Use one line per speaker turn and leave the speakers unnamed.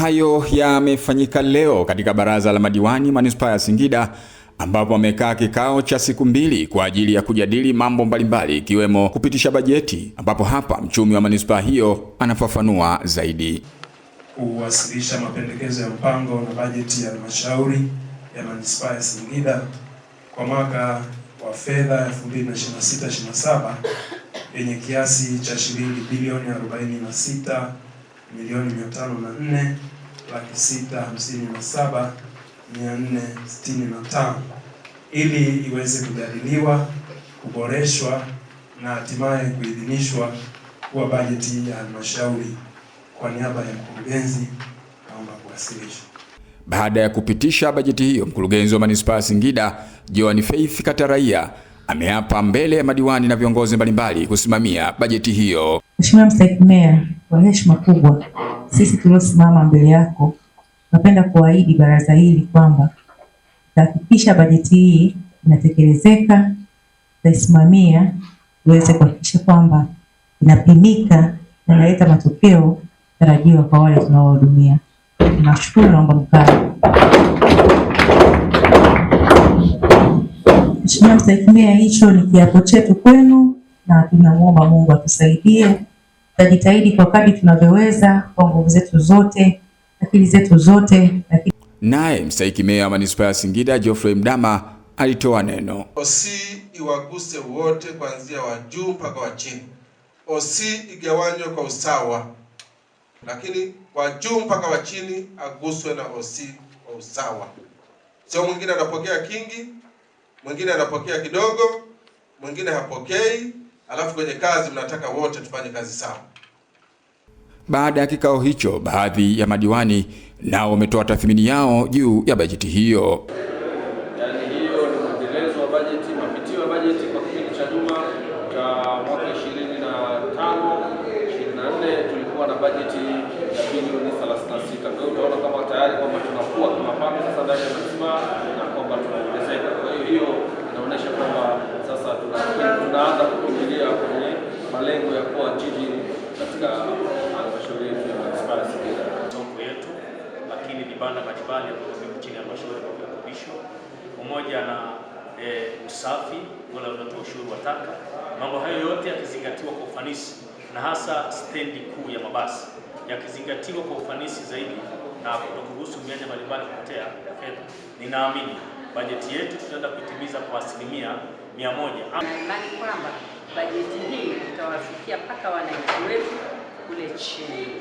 hayo yamefanyika leo katika baraza la madiwani manispaa ya Singida ambapo amekaa kikao cha siku mbili kwa ajili ya kujadili mambo mbalimbali ikiwemo mbali kupitisha bajeti, ambapo hapa mchumi wa manispaa hiyo anafafanua zaidi.
Kuwasilisha mapendekezo ya mpango na bajeti ya halmashauri ya manispaa ya Singida kwa mwaka wa fedha 2026 yenye kiasi cha shilingi bilioni 46 milioni mia tano na nne laki sita hamsini na saba mia nne sitini na tano ili iweze kujadiliwa, kuboreshwa na hatimaye kuidhinishwa kuwa bajeti ya halmashauri. Kwa niaba ya mkurugenzi, naomba kuwasilisha.
Baada ya kupitisha bajeti hiyo, mkurugenzi wa manispaa ya Singida Joan Faith Kataraia ameapa mbele ya madiwani na viongozi mbalimbali kusimamia bajeti hiyo.
Mheshimiwa Mstahiki Meya, kwa heshima kubwa, sisi tuliosimama mbele yako napenda kuahidi baraza hili kwamba tutahakikisha bajeti hii inatekelezeka, tutaisimamia tuweze kuhakikisha kwamba inapimika na inaleta matokeo tarajiwa kwa wale tunaowahudumia. Nashukuru, naomba mkaa Mheshimiwa Mstahimia, hicho ni kiapo chetu kwenu na tunamuomba Mungu atusaidie. Tutajitahidi kwa kadri tunavyoweza kwa nguvu zetu zote, akili zetu zote.
Naye Mstahiki Meya wa Manispaa ya Singida Geoffrey Mdama alitoa neno.
Osi iwaguse wote kuanzia wa juu mpaka wa chini. Osi igawanywe kwa usawa, lakini wa juu mpaka wa chini aguswe na osi kwa usawa, sio mwingine anapokea kingi mwingine anapokea kidogo, mwingine hapokei, alafu kwenye kazi mnataka wote tufanye kazi sawa.
Baada ya kikao hicho, baadhi ya madiwani nao wametoa tathmini yao juu ya bajeti hiyo.
Yaani bajeti ya bilioni kuwa jiji katika halmashauri yetu ya manispaa Singida,
soko yetu, lakini vibanda mbalimbali ambavyo vipo chini ya halmashauri kwa virutubisho pamoja na e, usafi wala unatoa ushuru wa taka. Mambo hayo yote yakizingatiwa kwa ufanisi na hasa stendi kuu ya mabasi yakizingatiwa kwa ufanisi zaidi na kutokuruhusu mianya mbalimbali kupotea ya fedha, ninaamini bajeti yetu tutaenda kuitimiza kwa asilimia mia moja.
Naimani kwamba bajeti hii utawafikia mpaka wananchi wetu kule chini.